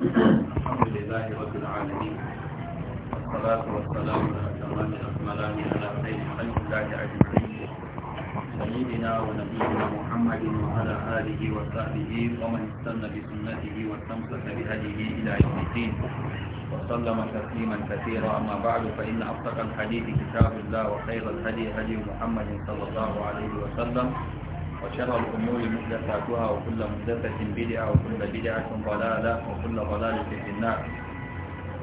الحمد لله رب العالمين والصلاة والسلام على الأكملان على خير خلق الله أجمعين سيدنا ونبينا محمد وعلى آله وصحبه ومن استنى بسنته واستمسك بهديه إلى يوم الدين وسلم تسليما كثيرا أما بعد فإن أصدق الحديث كتاب الله وخير الهدي هدي محمد صلى الله عليه وسلم وشر الأمور محدثاتها وكل محدثة بدعة وكل بدعة ضلالة وكل ضلالة في النار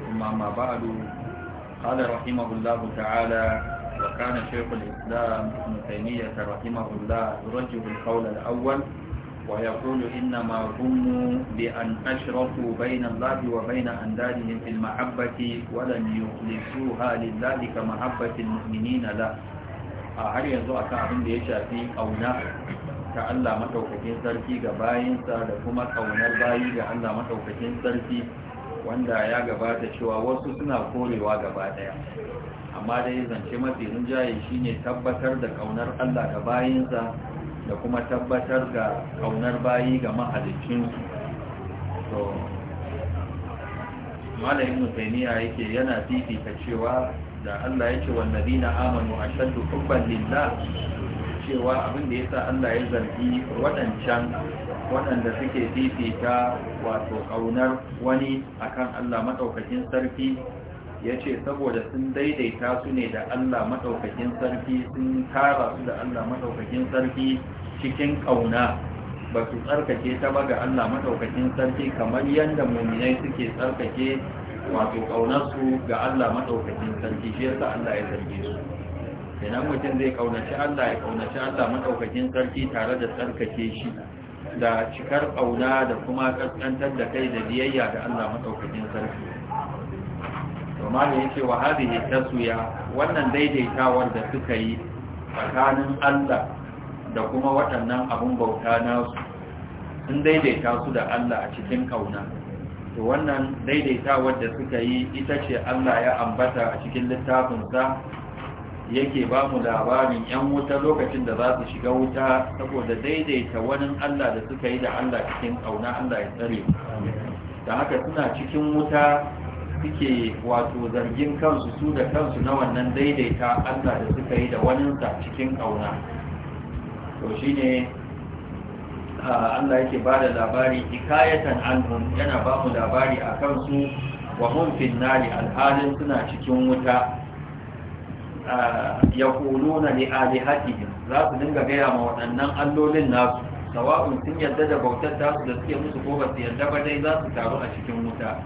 ثم ما بعد قال رحمه الله تعالى وكان شيخ الإسلام ابن تيمية رحمه الله يرجح القول الأول ويقول إنما هم بأن أشرفوا بين الله وبين أندادهم في المحبة ولم يخلصوها لله كمحبة المؤمنين له آه، هل ينزو أكا عبد يشافي أو لا ta Allah mataukakin sarki ga bayinsa da kuma kaunar bayi ga Allah mataukakin sarki wanda ya gabata cewa wasu suna korewa gaba daya amma dai zance mafi rinjaye shine tabbatar da kaunar Allah ga bayinsa da kuma tabbatar da kaunar bayi ga mahalicin to malamin mutaniya yake yana fifita cewa da Allah yake wannabina amanu ashaddu hubban lillah cewa abin da yasa Allah ya zargi waɗancan waɗanda suke fifita wato ƙaunar wani akan Allah maɗaukakin sarki ya ce saboda sun daidaita su ne da Allah maɗaukakin sarki sun tara su da Allah maɗaukakin sarki cikin ƙauna ba su tsarkake ta ba ga Allah maɗaukakin sarki kamar yadda muminai suke tsarkake wato ƙaunarsu ga Allah maɗaukakin sarki shi yasa Allah ya zarge su idan mutum zai kaunaci Allah ya kaunaci Allah maɗaukakin sarki tare da tsarkake shi da cikar kauna da kuma kaskantar da kai da biyayya ga Allah maɗaukakin sarki kuma ne yake wa hadhihi taswiya wannan daidaitawar da suka yi tsakanin Allah da kuma waɗannan abun bauta nasu sun daidaita su da Allah a cikin kauna to wannan daidaitawar da suka yi ita ce Allah ya ambata a cikin littafinsa yake ba mu labarin yan wuta lokacin da za su shiga wuta saboda daidaita wani Allah da suka yi da Allah cikin ƙauna Allah ya tsare da haka suna cikin wuta suke wato zargin kansu su da kansu na wannan daidaita Allah da suka yi da wani sa cikin ƙauna to shine Allah yake ba da labari ikayatan anhum yana ba mu labari a kansu wa mun fi nari alhalin suna cikin wuta Ya a ne alihatihim za su dinga gaya ma waɗannan allolin nasu sawa'un sun yadda da bautar tasu da suke musu ko ba su yadda ba dai za su taru a cikin wuta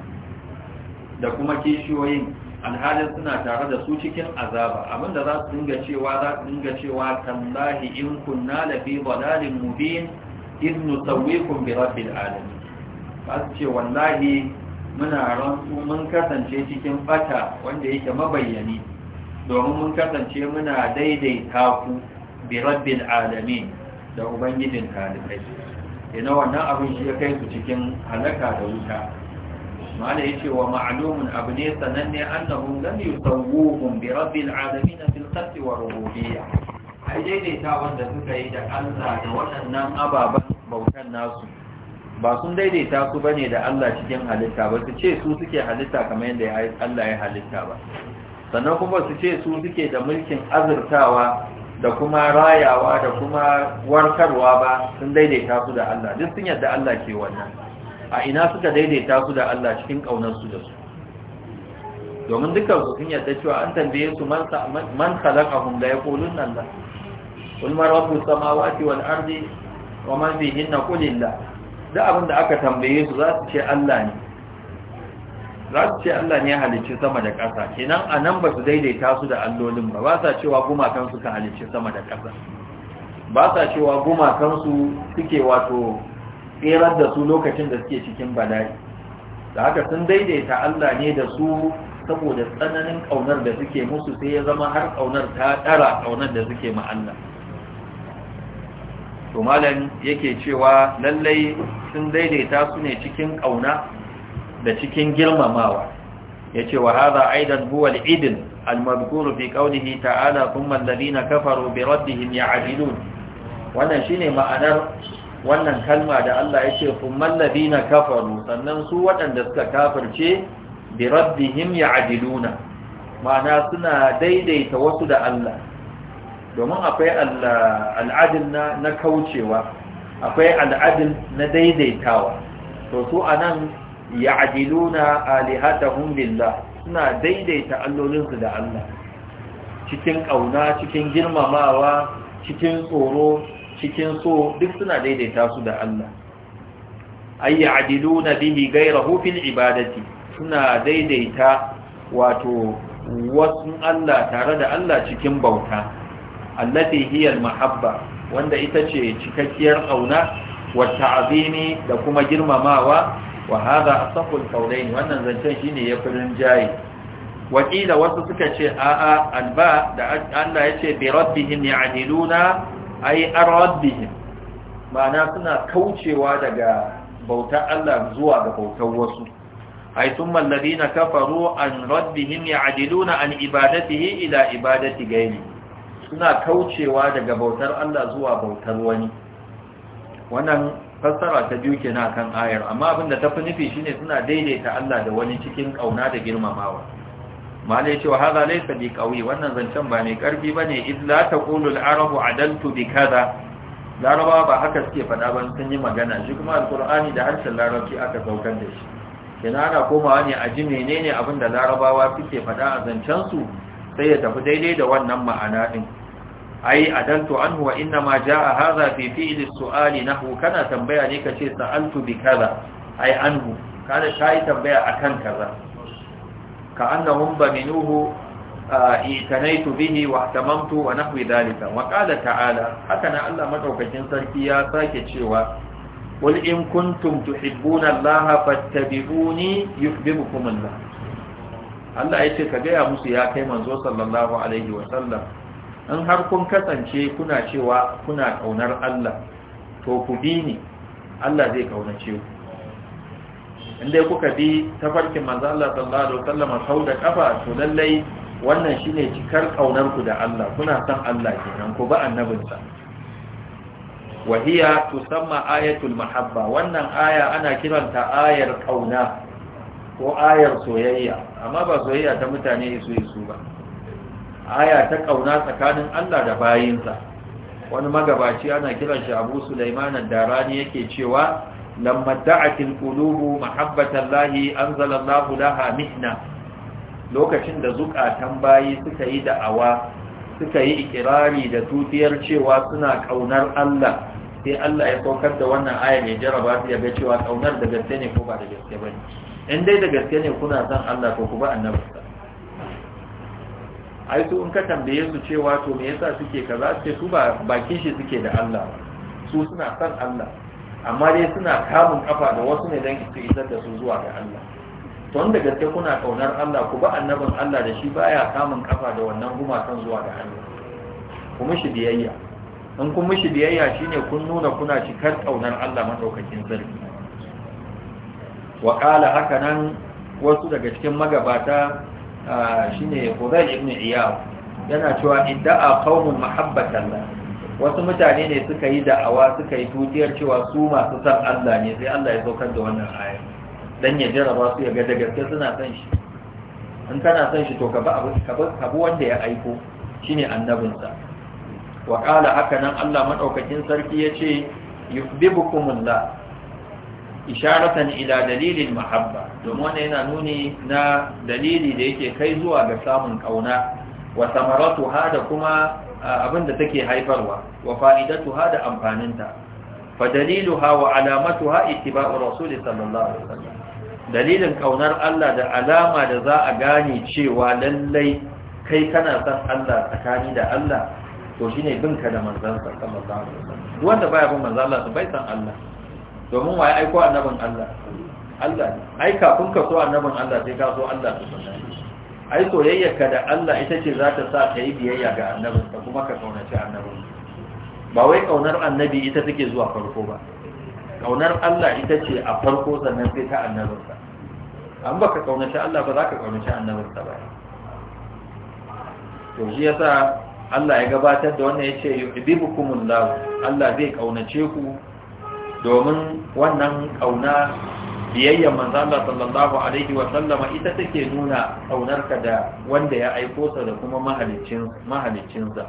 da kuma kishiyoyin alhalin suna tare da su cikin azaba abinda za su dinga cewa za su dinga cewa tallahi in kunna la fi dalalin mubin in nusawwikum bi rabbil alamin ba su ce wallahi muna rantsu mun kasance cikin fata wanda yake mabayyani domin mun kasance muna daidaita ku bi rabbil alamin da ubangijin talibai ina wannan abin shi ya kai su cikin halaka da wuta mala yace wa ma'lumun abu ne sananne annahum lam yusawwuhum bi rabbil alamin fil qasd wa rububiyya ai daidaita wanda suka yi da Allah da wannan ababan bautan nasu ba sun daidaita su bane da Allah cikin halitta ba su ce su suke halitta kamar yadda Allah ya halitta ba sannan kuma su ce su suke da mulkin azurtawa da kuma rayawa da kuma warkarwa ba sun daidaita su da Allah duk sun yadda Allah ke wannan a ina suka daidaita su da Allah cikin ƙaunarsu da su domin dukkan su sun yadda cewa an tambaye su man khalaqahum la yaqulun Allah qul ma rabbus samawati wal ardi wa man bihinna qul illah duk abin da aka tambaye su za su ce Allah ne za su ce Allah ne halicci sama da ƙasa kenan a nan ba su daidaita su da allolin ba ba sa cewa gumakansu ka halicci sama da ƙasa ba sa cewa gumakansu suke wato tserar da su lokacin da suke cikin bala'i da haka sun daidaita Allah ne da su saboda tsananin ƙaunar da suke musu sai ya zama har ƙaunar ta ɗara ƙaunar da suke ma to malam yake cewa lallai sun daidaita su ne cikin ƙauna da cikin girmamawa yace wa hadha aidan huwa al al-madhkur fi qawlihi ta'ala thumma alladhina kafaru bi ya ya'dilun wannan shine ma'anar wannan kalma da Allah ya ce yace thumma alladhina kafaru sannan su waɗanda suka kafirce bi ya ya'diluna ma'ana suna daidaita wasu da Allah domin akwai al'adin na kaucewa akwai al'adin na daidaitawa to su nan. ya'diluna alihatahum lillah suna daidaita allolinsu da Allah cikin kauna cikin girmamawa cikin tsoro cikin so duk suna daidaita su da Allah ay ya'diluna bihi ghayrahu fil ibadati suna daidaita wato wasun Allah tare da Allah cikin bauta allati hiya al-mahabba wanda ita ce cikakkiyar ƙauna, wa ta'zimi da kuma girmamawa wa hada asaqul qawlayn wannan zancen shine yafi rinjaye wakila wasu suka ce a'a alba da Allah yace bi rabbihim ya'diluna ay rabbihim ma'ana suna kaucewa daga bauta Allah zuwa ga bautar wasu ay thumma alladhina kafaru an rabbihim ya'diluna an ibadatihi ila ibadati ghayri suna kaucewa daga bautar Allah zuwa bautar wani wannan fassara ta biyu ke na kan ayar amma abin da fi nufi shi ne suna daidaita Allah da wani cikin ƙauna da girmamawa malai cewa za laifin bi ƙauyi wannan zancen ba mai karfi ne, illa taqulu al-arabu adaltu bi kaza laraba ba haka suke faɗa ba sun yi magana shi kuma alƙur'ani da harshen larabci aka saukar da shi kina ana komawa ne a ji menene abin da larabawa suke faɗa a zancen su sai ya tafi daidai da wannan ma'ana ɗin ai adaltu anhu wa inna ma jaa hadha fi fi'li su'ali nahu kana tambaya ne kace sa'altu bi kaza ai anhu kayi kai tambaya akan kaza ka annahum baminuhu itanaitu bihi wa tamamtu wa nahwi dhalika wa qala ta'ala haka na Allah madaukakin sarki ya sake cewa qul in kuntum tuhibbuna Allah fattabi'uni yuhibbukum Allah Allah yace ka ga ya musu ya kai manzo sallallahu alaihi wa sallam in har kun kasance kuna cewa kuna kaunar Allah to ku bi ni Allah zai kaunace ku inda kuka bi tafarkin manzo Allah sallallahu alaihi wasallam sau da kafa to lallai wannan shine cikar kaunar ku da Allah kuna san Allah kenan ku ba annabinsa wa hiya tusamma ayatul mahabba wannan aya ana kiranta ayar kauna ko ayar soyayya amma ba soyayya ta mutane isu su ba aya ta ƙauna tsakanin Allah da bayinsa wani magabaci ana kiran shi Abu Sulaiman ad-Darani yake cewa lamma da'atil qulubu mahabbatan lahi anzala Allahu laha mihna lokacin da zukatan bayi suka yi da'awa suka yi ikirari da tutiyar cewa suna kaunar Allah sai Allah ya saukar da wannan aya mai jaraba ya ga cewa kaunar da gaske ne ko ba da gaske bane in dai da gaske ne kuna san Allah ko ku ba ai su in ka tambaye su cewa to me yasa suke kaza ce su ba bakin shi suke da Allah su suna san Allah amma dai suna kamun kafa da wasu ne dan su isar da su zuwa ga Allah to wanda gaske kuna kaunar Allah ku ba annabin Allah da shi baya kamun kafa da wannan gumakan zuwa ga Allah ku mishi biyayya in kun mishi biyayya shine kun nuna kuna cikar kaunar Allah madaukakin sarki wa qala hakanan wasu daga cikin magabata shine Hudayl ibn Iyad yana cewa idda'a qaumun mahabbatan la wasu mutane ne suka yi da'awa suka yi tutiyar cewa su masu san Allah ne sai Allah ya saukar da wannan aya dan ya jarraba su ya ga da gaske suna san shi in kana san shi to ka ba abu wanda ya aiko shine annabinsa wa qala haka nan Allah madaukakin sarki yace yufdibukumullah isharatan ila dalilin mahabba domin wannan yana nuni na dalili da yake kai zuwa ga samun kauna wa samaratu hada kuma abinda take haifarwa wa fa'idatu hada amfaninta fa daliluha wa alamatuha ittiba'u rasuli sallallahu alaihi wasallam dalilin kaunar Allah da alama da za a gane cewa lallai kai kana san Allah tsakani da Allah to shine binka da manzon sallallahu alaihi wasallam wanda baya bin manzon Allah bai san Allah domin waye aiko annabin Allah Allah ne ai kafin ka so annabin Allah sai ka so Allah ta sanar ai soyayyarka da Allah ita ce za ta sa ka yi biyayya ga annabin ka kuma ka kaunaci annabin ba wai kaunar annabi ita take zuwa farko ba kaunar Allah ita ce a farko sannan sai ta annabin ka an baka kaunaci Allah ba za ka kaunaci annabin ka ba to shi yasa Allah ya gabatar da wannan yace yubibukumullahu Allah zai kaunace ku domin wannan kauna biyayyar manzala sallallahu alaihi wa ita take nuna kaunarka da wanda ya aiko sa da kuma mahaliccinsa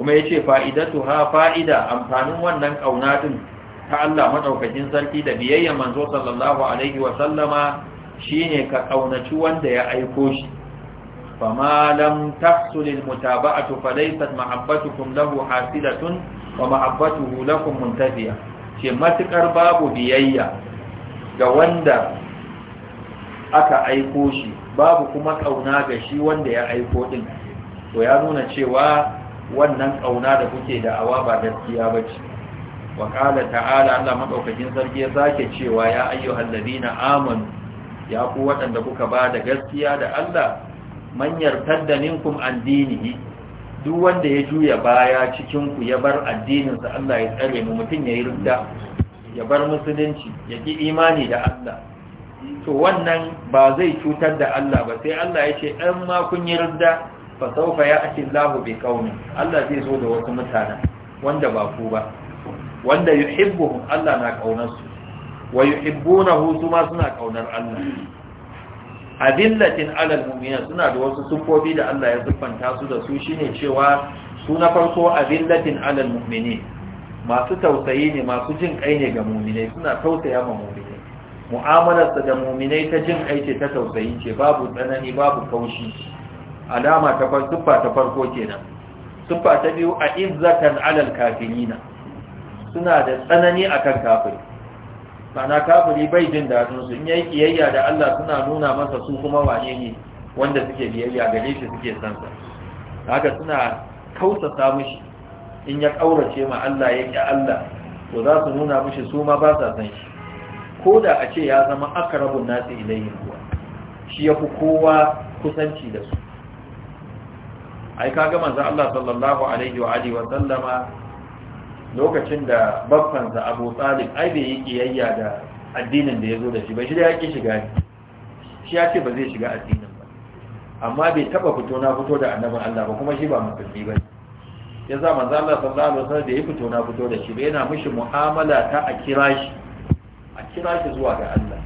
kuma ya ce fa'idatu ha fa'ida amfanin wannan kauna din ta Allah maɗaukakin sarki da biyayyar manzo sallallahu alaihi wa sallama shine ka kaunaci wanda ya aiko shi fama lam tafsulil mutaba'atu falaysat mahabbatukum lahu hasilatun wa ma'abbatuhu lakum muntafiya ce matukar babu biyayya ga wanda aka aiko shi babu kuma kauna ga shi wanda ya aiko din to ya nuna cewa wannan kauna da kuke da awa ba gaskiya bace wa qala ta'ala Allah madaukakin sarki ya sake cewa ya ayyuhal ladina amanu ya ku waɗanda kuka ba da gaskiya da Allah man yartadda minkum an dinihi duk wanda ya juya baya cikin ku ya bar addininsa Allah ya tsare mu mutum ya yi rudda ya bar musulunci ya ki imani da Allah to wannan ba zai cutar da Allah ba sai Allah ya ce ɗan ma kun yi rudda fa saufa ya ake lahu bi kauni Allah zai zo da wasu mutanen wanda ba ku ba wanda yuhibbu Allah na kaunar su wa yuhibbunahu su ma suna kaunar Allah adillatin alal mu'minin suna da wasu sufofi da Allah ya siffanta su da su shine cewa su na farko adillatin alal mu'minin masu tausayi ne masu jin kai ne ga mu'minai suna tausaya ma mu'minai mu'amalarsa da mu'minai ta jin kai ce ta tausayi ce babu tsanani babu kaushi alama ta farko siffa ta farko kenan siffa ta biyu a izzatan alal kafirina suna da tsanani akan kafiri ma'ana kafiri bai jin dadin su in yayi kiyayya da Allah suna nuna masa su kuma wane ne wanda suke biyayya gare shi suke san sa haka suna kausasa mishi in ya kaurace ma Allah ya ki Allah to za su nuna mishi su ma ba sa san shi ko da a ce ya zama akrabun nasi ilayhi kuwa shi yafi kowa kusanci da su ai kaga manzo Allah sallallahu alaihi wa alihi wa sallama lokacin da babbansa abu tsalib ai bai yi kiyayya da addinin da ya zo da shi ba shi da ya ƙi shiga shi ya ce ba zai shiga addinin ba amma bai taba fito na fito da annabin Allah ba kuma shi ba musulmi ba ya za manzo Allah sallallahu alaihi wasallam da ya fito na fito da shi ba yana mishi mu'amala ta a kira shi a kira shi zuwa ga Allah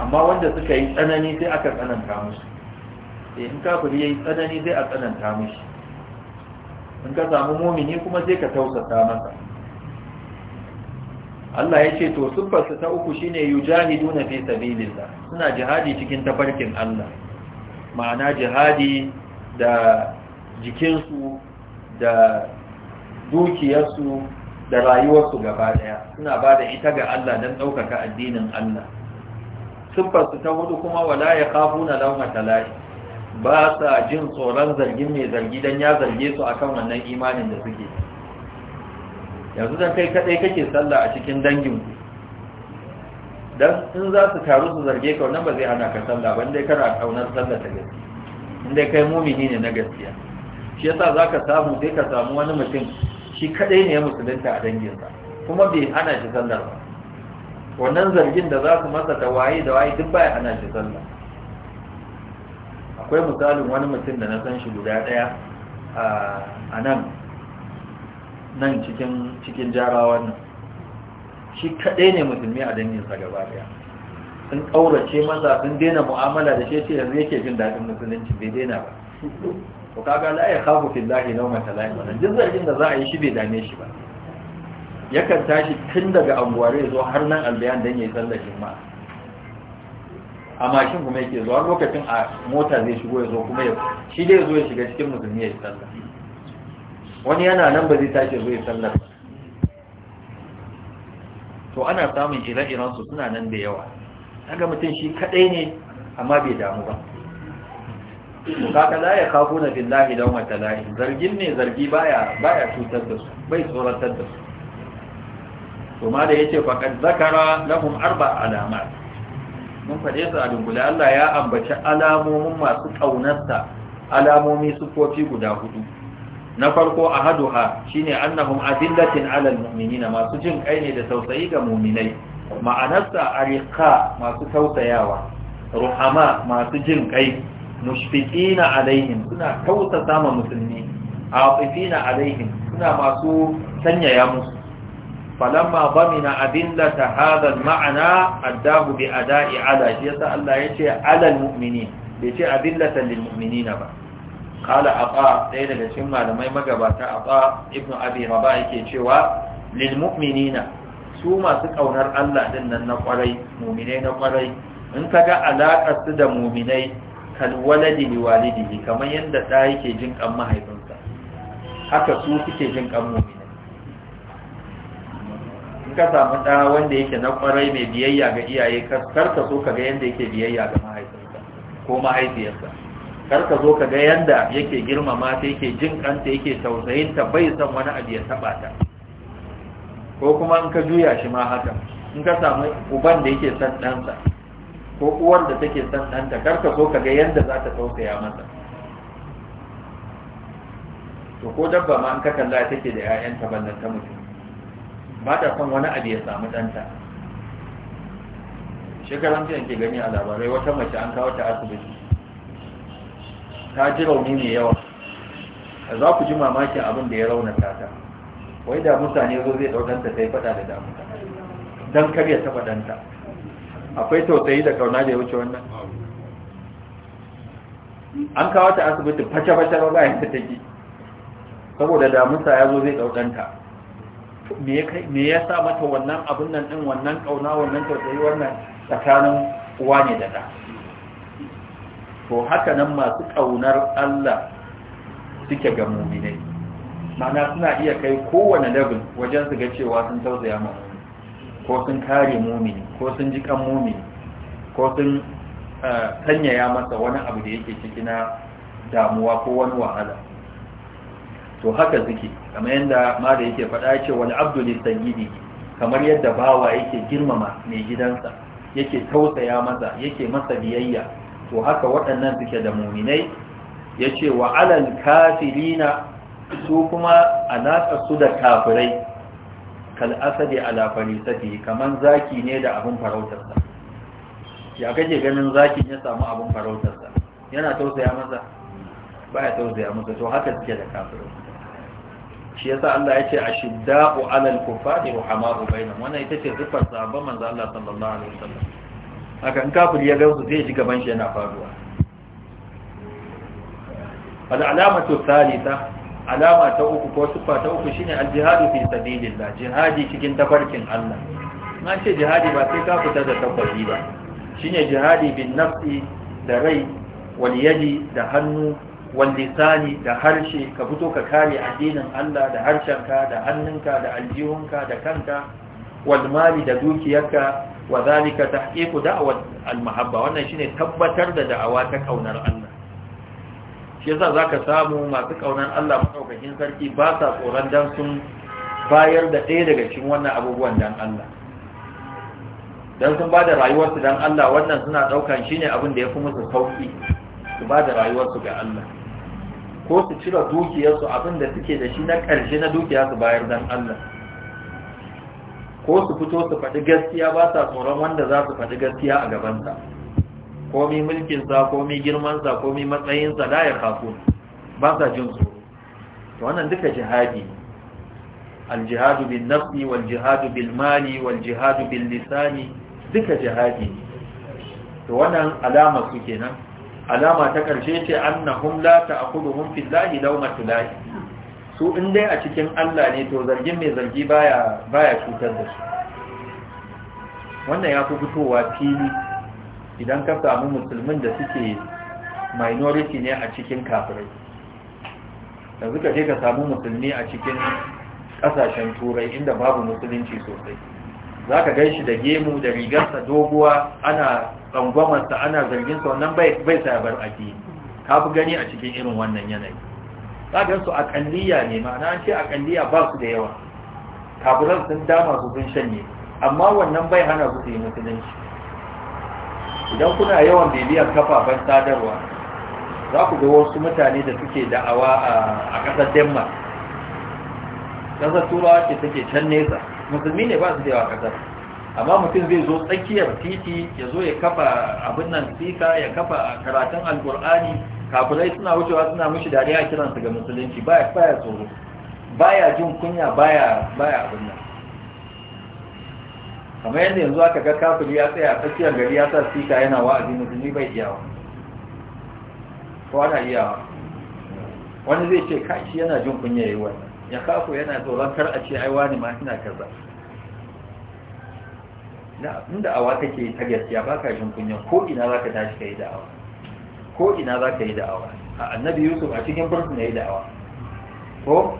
amma wanda suka yi tsanani sai aka tsananta musu eh in kafiri yayi tsanani sai a tsananta mishi in ka samu mumini kuma sai ka tausasa masa Allah ya ce to siffarsa ta uku shine yujahiduna fi sabilillah suna jihadi cikin tabarkin Allah ma'ana jihadi da jikinsu da dukiyarsu da rayuwarsu gaba daya suna ba da ita ga Allah don ɗaukaka addinin Allah su ta hudu kuma wala ya kafu na tala'i ba sa jin tsoron zargin mai zargi don ya zarge su a kan wannan imanin da suke yanzu don kai kaɗai kake sallah a cikin danginku don in za su taru su zarge ka wannan ba zai hana ka sallah ba indai kana kaunar sallah ta gaske indai kai mumini ne na gaskiya shi yasa za ka samu sai ka samu wani mutum shi kaɗai ne ya musulunta a danginsa kuma bai hana shi sallah ba wannan zargin da za su masa da waye da waye duk baya hana shi sallah akwai misalin wani mutum da na san shi guda daya a nan nan cikin cikin jarawan nan shi kaɗai ne musulmi a danginsa gaba daya sun ƙaurace masa sun daina mu'amala da shi ce yanzu yake jin daɗin musulunci bai daina ba to kaga la ya khafu fillahi lawma talai wannan duk zargin da za a yi shi bai dame shi ba yakan tashi tun daga anguware zo har nan albayan dan yayi sallar juma'a a mashin kuma yake zuwa lokacin a mota zai shigo ya zo kuma ya shi dai zo ya shiga cikin musulmi ya yi sallah wani yana nan ba zai tashi zo ya sallah to ana samun ire-iren su suna nan da yawa Daga mutum shi kadai ne amma bai damu ba kaka la ya kafu na billahi da wata lahi zargin ne zargi baya baya cutar da su bai tsoratar da su to ma da yace faqad zakara lahum arba alamat mun faɗe su a dunkule Allah ya ambaci alamomin masu ƙaunarsa alamomi sufofi guda hudu na farko a haduha shine annahun adillatin alal mu'minina masu jin kai ne da tausayi ga mu'minai ma'anarsa a riƙa masu tausayawa ruhama masu jin kai na alaihin suna tausasa ma musulmi na alaihin suna masu sanyaya musu falamma bamina adillata hadha al-ma'na addahu bi ada'i ala shi yasa Allah yace ala al-mu'minin bai ce adillatan lil mu'minina ba qala aqa dai daga cikin malamai magabata aqa ibnu abi rabah yake cewa lil su masu ƙaunar Allah din nan na kwarai mu'minai na kwarai in kaga alakar su da mu'minai kal waladi li walidihi kamar yadda da yake jin kan mahaifinsa haka su suke jin kan mu'minai ka samu ɗa wanda yake na ƙwarai mai biyayya ga iyaye kar ka so ka ga yanda yake biyayya ga mahaifinsa ko mahaifiyarsa kar ka zo ka ga yanda yake girmama ta yake jin kanta yake tausayin ta bai san wani abu ya taɓa ta ko kuma in ka juya shi ma haka in ka samu uban da yake son ɗansa ko uwar da take son ɗanta kar ka so ka ga yanda za ta tausaya masa to ko dabba ma in ka kalla take da 'ya'yanta nan ta mutum ba ta son wani abu ya samu ɗanta shekaran jiya ke gani a labarai wata mace an kawo ta asibiti ta ji rauni mai yawa za ku ji mamakin abin da ya raunata ta wai da mutane zo zai ɗaukanta ta yi faɗa da damuta don kar ya taɓa ɗanta akwai tausayi da kauna da ya wuce wannan an kawo ta asibiti fashe-fashe ba bayan ta take saboda damusa ya zo zai ɗaukanta me ya sa mata wannan abin nan ɗin wannan ƙauna wannan tausayi wannan tsakanin uwa ne da ɗa to haka nan masu ƙaunar Allah suke ga muminai mana suna iya kai kowane labin wajen su ga cewa sun tausaya masu ko sun kare mumini ko sun ji kan mumini ko sun eh, sanyaya masa wani abu da yake ciki na damuwa ko wani wahala to haka suke kamar yadda mada yake faɗa ce wani abdu ne kamar yadda bawa yake girmama mai gidansa yake tausaya masa yake masa biyayya to haka waɗannan suke da muminai ya ce wa alal kafirina su kuma a su da kafirai kal asadi ala falisati kaman zaki ne da abin farautarsa ya kake ganin zakin ya samu abin farautarsa yana tausaya masa ba ya tausaya masa to haka suke da kafirai shi yasa Allah ya ce a ashidda'u 'alal kuffari ruhama'u bainahum wannan ita ce sifar sahabban manzo Allah sallallahu alaihi wasallam haka in kafiri ya gausu zai ji gaban shi yana faruwa al alamatu thalitha alama ta uku ko sifa ta uku shine al-jihadu fi sabilillah jihadi cikin tafarkin Allah na ce jihadi ba sai ka fita da tafarki ba shine jihadi bin nafsi da rai wal yadi da hannu wallisani da harshe ka fito ka kare addinin Allah da harshenka da hannunka da aljihunka da kanka walmali da dukiyarka wa zalika tahqiqu da'wat almahabba wannan shine tabbatar da da'awa ta kaunar Allah shi yasa zaka samu masu kaunar Allah madaukakin sarki ba sa tsoron dan sun bayar da ɗaya daga cikin wannan abubuwan dan Allah dan sun bada rayuwarsu dan Allah wannan suna daukan shine abin da yafi musu sauki su bada rayuwarsu ga Allah ko su cire dukiyarsu abin da suke da shi na ƙarshe na dukiya su bayar don Allah ko su fito su faɗi gaskiya ba sa tsoron wanda za su faɗi gaskiya a gabansa komi mulkinsa komi girmansa komi matsayinsa da ya kafu ba sa jin tsoro to wannan duka jihadi aljihadu bin nafsi waljihadu bin mali waljihadu bin lisani duka jihadi to wannan alama su kenan alama ta ƙarshe ce annahum la ta'khudhum fillahi lawmatu lahi su in dai a cikin Allah ne to zargin mai zargi baya baya cutar da su wannan ya fi fitowa fili idan ka samu musulmin da suke minority ne a cikin kafirai yanzu ka je ka samu musulmi a cikin ƙasashen turai inda babu musulunci sosai za ka gan shi da gemu da rigarsa doguwa ana tsangwamarsa ana zarginsa wannan bai sa ya bar addini ka fi gani a cikin irin wannan yanayi za ka su akalliya ne ma'ana ce akalliya ba su da yawa kafiran sun dama su sun shanye amma wannan bai hana su su yi musulunci idan kuna yawan bibiyar kafafen sadarwa za ku ga wasu mutane da suke da'awa a ƙasar denmark ƙasar turawa ce take can nesa musulmi ne ba su da yawa kasar amma mutum zai zo tsakiyar titi ya zo ya kafa abin nan sika ya kafa karatun alkur'ani kafirai suna wucewa suna mushi dariya kiransu ga musulunci baya baya tsoro baya jin kunya baya baya abin nan kamar yadda yanzu aka ga kafiri ya tsaya tsakiyar gari ya sa sika yana wa'azi musulmi bai iyawa ko ana wani zai ce kashi yana jin kunya ya yi wannan ya kafu yana tsoron kar a ce ai wani ma ina kaza na inda awa take ta gaskiya ba ka jin kunya ko ina za ka tashi ka yi da'awa ko ina za ka yi da'awa a annabi yusuf a cikin burtuna ya yi da'awa ko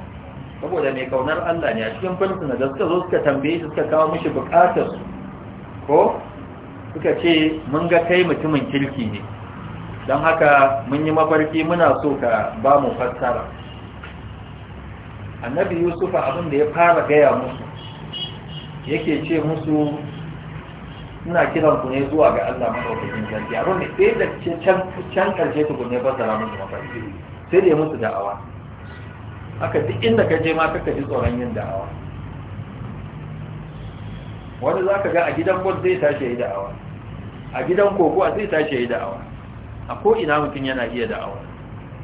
saboda mai kaunar allah ne a cikin burtuna da suka zo suka tambaye suka kawo mishi bukatar ko suka ce mun ga kai mutumin kirki ne don haka mun yi mafarki muna so ka ba mu fassara annabi yusuf abin da ya fara gaya musu yake ce musu ina kiran ku ne zuwa ga Allah madaukakin sarki abin da ɗaya da ce can karshe ku ne ba zara musu mafarki sai da musu da'awa haka duk inda ka je ma kaka ji tsoron yin da'awa wani za ka ga a gidan bot zai tashi ya yi da'awa a gidan kokowa zai tashi ya yi da'awa a ko ina mutum yana iya da'awa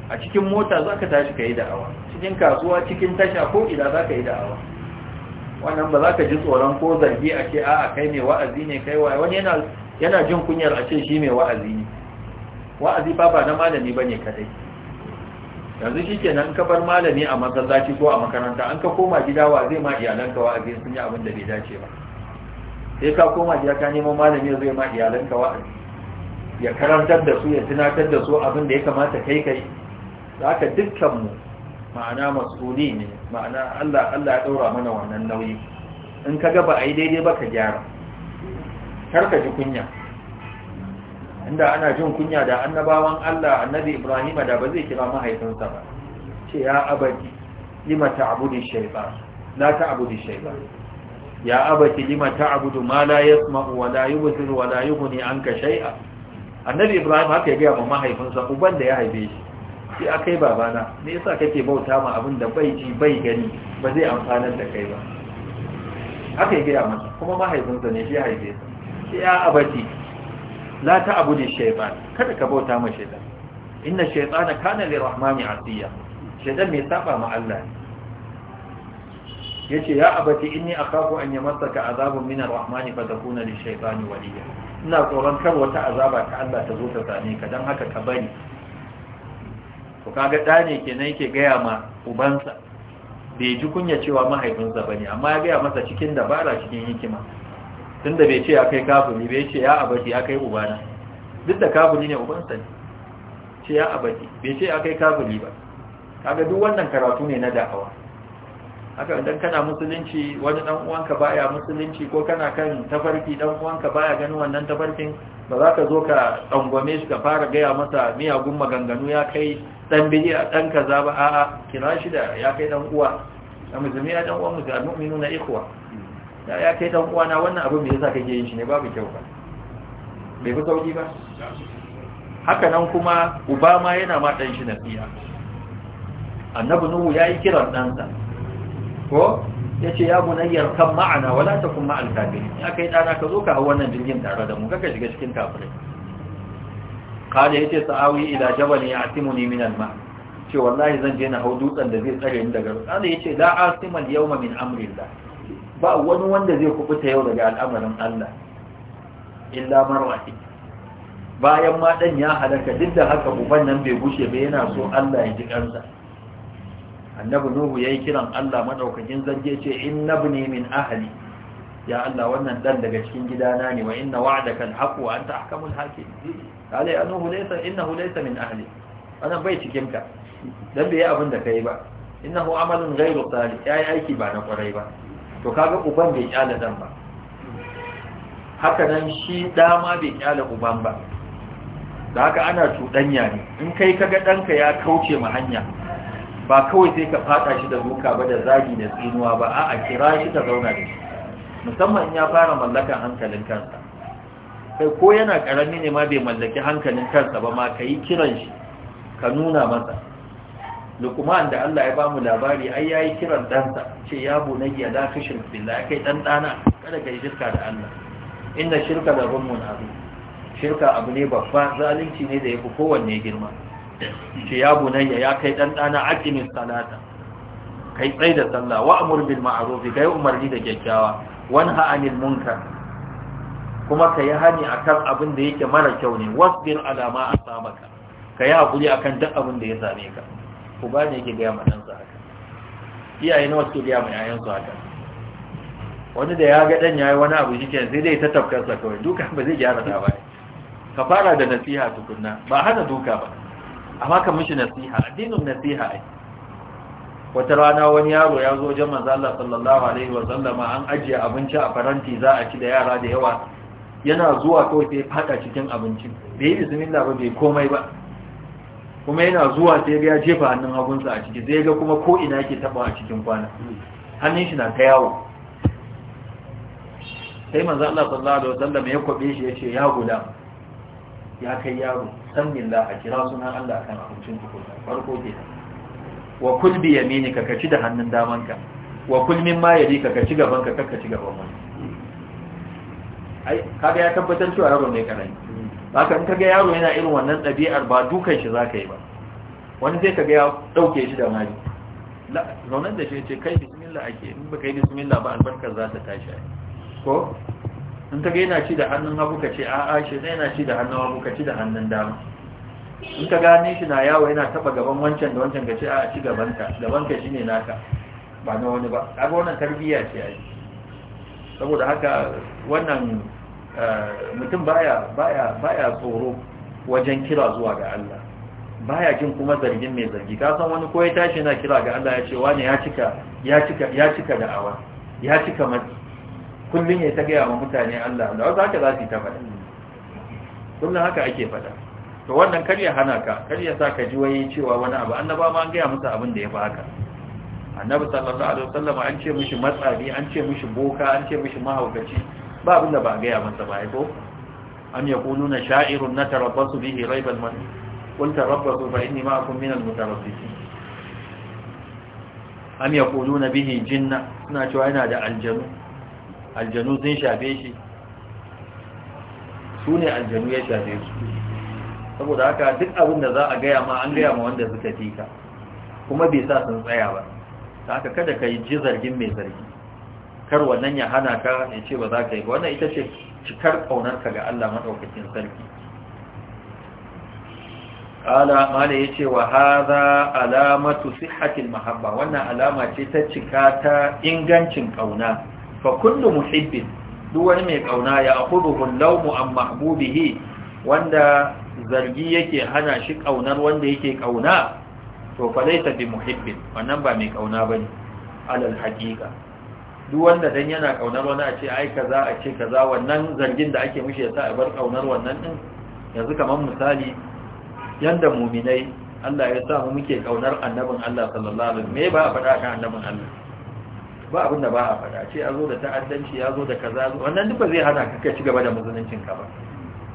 a cikin mota za ka tashi ka yi da'awa cikin kasuwa cikin tasha ko ina za ka yi da'awa wannan ba za ka ji tsoron ko zargi a ce a'a kai mai wa'azi ne kai waye wani yana jin kunyar a ce shi mai wa'azi ne wa'azi ba ba na malami ba ne kadai yanzu shi ke ka bar malami a masallaci ko a makaranta an ka koma gida wa zai ma iyalanka wa'azi sun yi abin da bai dace ba sai ka koma gida ka neman malami zai ma iyalanka wa'azi ya karantar da su ya tunatar da su abin da ya kamata kai kai da haka dukkanmu ma'ana masuli ne ma'ana Allah Allah ya ɗora mana wannan nauyi in ka ga ba a yi daidai ba ka gyara kar ka ji kunya inda ana jin kunya da annabawan Allah annabi Ibrahim da ba zai kira mahaifinsa ba ce ya abadi lima ta'budu shaytan la ta'budu shaytan ya abati lima ta'budu ma la yasma'u wa la yubsiru wa la yughni anka shay'a annabi Ibrahim haka ya gaya ga mahaifinsa uban da ya haife shi sai kai babana me yasa kake bauta ma abin da bai ji bai gani ba zai amfanar da kai ba aka yi gaya masa kuma mahaifinsa ne shi haife sa ya abati la ta abu da shaitan kada ka bauta ma shaitan inna shaitana kana rahmani asiya shaitan mai saba ma Allah yace ya abati inni akhafu an yamassaka azabun min arrahmani fatakuna lishaitani waliya ina tsoron kar wata azaba ta Allah ta zo ta same ka dan haka ka bari to kaga ɗa ne kenan yake gaya ma ubansa bai ji kunya cewa mahaifinsa ba ne amma ya gaya masa cikin dabara cikin hikima tun da bai ce ya kai kafuli bai ce ya abadi ya kai ubana duk da kafuli ne ubansa ne ce ya abadi, bai ce ya kai kafuli ba kaga duk wannan karatu ne na da'awa haka idan kana musulunci wani dan uwanka baya musulunci ko kana kan tafarki dan uwanka baya ganin wannan tafarkin ba za ka zo ka ɗangwame shi ka fara gaya masa miyagun maganganu ya kai dan a dan kaza ba a'a kira shi da ya kai dan uwa da musulmi ya dan uwa musulmi muminu na Ikwa. ya kai dan uwa na wannan abin me yasa kake yin shi ne babu kyau ba bai fi sauki ba haka nan kuma uba ma yana ma dan shi nasiha annabi nuhu yayi kiran ɗansa ko ya ya bunayyar kan ma'ana wala ta kun ma'al kafirin ya kai dana ka zo ka hau wannan jirgin tare da mu kaka shiga cikin kafirai kada yace ce sa'awi ila jabal ya'timuni min ne ma. ce wallahi zan je na hau dutsen da zai tsare ni daga kada yace la asima al yawma min Allah ba wani wanda zai kubuta yau daga al'amarin Allah illa marwati bayan ma dan ya halaka duk da haka buban nan bai gushe ba yana so Allah ya ji kansa annabi nuhu yayi kiran Allah madaukakin zarge ce innabni min ahli ya Allah wannan dan daga cikin gidana ne wa inna wa'daka alhaq wa anta ahkamul hakim kale annahu laysa innahu laysa min ahli ana bai cikin ka dan bai abin da kai ba innahu amalun ghayru Ya yayi aiki ba na kwarai ba to kaga uban bai kyale dan ba haka nan shi dama bai kyale uban ba da haka ana tudanya ne in kai kaga ɗanka ya kauce ma hanya ba kawai sai ka fada shi da duka ba da zagi da tsinuwa ba a a kira shi ka zauna da shi musamman in ya fara mallakan hankalin kansa kai ko yana karami ne ma bai mallaki hankalin kansa ba ma ka yi kiran shi ka nuna masa Lukuman, da Allah ya ba mu labari ai yayi kiran danta ce ya bunayya la tushrik billahi kai dan dana kada kai shirka da Allah inna shirka da zulmun azim shirka abu ne babba zalunci ne da yafi kowanne girma ce ya bunayya ya kai dan dana aqimis salata kai tsai da sallah wa amur bil ma'ruf kai umarni da kyakkyawa wanha anil munkar kuma kai hani akan abin da yake mara kyau ne wasbir ala ma asabaka kai hakuri akan duk abin da ya same ka ku ba ne yake ga manan sa haka iyaye nawa suke ga mai ayyansu haka wani da ya ga dan yayi wani abu shi sai dai ta tafkar sa kawai duka ba zai gyara ta ba ka fara da nasiha tukunna ba hana duka ba amma kan mishi nasiha addinin nasiha ai wata rana wani yaro ya zo wajen manzo Allah sallallahu alaihi wa sallama an ajiye abinci a faranti za a ci da yara da yawa yana zuwa kawai sai fada cikin abincin bai yi bismillah ba bai komai ba kuma yana zuwa sai ya jefa hannun hagunsa a ciki sai ga kuma ko ina yake taba a cikin kwana hannun shi na ta yawo sai manzo Allah sallallahu alaihi wa sallama ya kwabe shi ya ce ya guda ya kai yaro sannin da a kira sunan Allah kan abincin tukunna farko ke wa kul bi yaminika ka ci da hannun damanka wa kul min ma yadika ka ci gaban ka ka ci gaban wani ai ga ya tabbatar cewa yaro ne karami haka in ga yaro yana irin wannan ɗabi'ar ba dukan shi zaka yi ba wani zai ga ya dauke shi da mali zaunar da shi ce kai bismillah ake in baka yi bismillah ba albarkar za ta tashi ko in kaga yana ci da hannun hagu ka ce a'a shi yana ci da hannun hagu ka ci da hannun dama in ka gane shi na yawo yana taba gaban wancan da wancan ka ce a ci gabanka gabanka shine naka ba na wani ba kaga wannan tarbiyya ce ai saboda haka wannan eh, mutum baya baya baya tsoro wajen kira zuwa ga Allah baya jin kuma zargin mai zargi ka san wani ko ya tashi yana kira ga Allah ya ce wani ya cika ya cika ya cika da'awa ya cika mai kullum ya ta gaya wa mutane Allah da wasu haka za su yi ta faɗa kullum haka ake faɗa to wannan kar ya hana ka kar ya sa ka ji wai cewa wani abu annaba ma an gaya musu abin da ya fi haka annabi sallallahu alaihi wasallam an ce mishi matsabi an ce mishi boka an ce mishi mahaukaci ba abin da ba a gaya masa ba ko am yaquluna sha'irun natarabbasu bihi raibal man qul tarabbasu fa inni ma'akum minal mutarabbisin am yaquluna bihi jinna suna cewa yana da aljanu aljanu sun shafe shi su ne aljanu ya shafe su saboda haka duk abin da za a gaya ma an gaya ma wanda suka fi ka, kuma bai sa sun tsaya ba ta haka kada ka yi ji zargin mai zargi kar wannan ya hana ka ya ce ba za ka yi ba wannan ita ce cikar ƙaunarka ga Allah maɗaukacin sarki ƙala mala ya ce wa haza alamatu sihatil mahabba wannan alama ce ta cika ta ingancin ƙauna fa kullu muhibbin duk wani mai kauna ya akhuduhu lawmu an mahbubihi wanda zargi yake hana shi kaunar wanda yake kauna to fa laysa bi muhibbin wannan ba mai kauna bane alal haqiqa duk wanda dan yana kaunar wani a ce ai kaza a ce kaza wannan zargin da ake mishi yasa a bar kaunar wannan din yanzu kamar misali yanda muminai Allah ya sa mu muke kaunar annabin Allah sallallahu alaihi wasallam me ba a faɗa kan annabin Allah ba abin da ba a faɗa ce ya zo da ta'addanci ya zo da kaza wannan duka zai hana ka ci gaba da musuluncin ka ba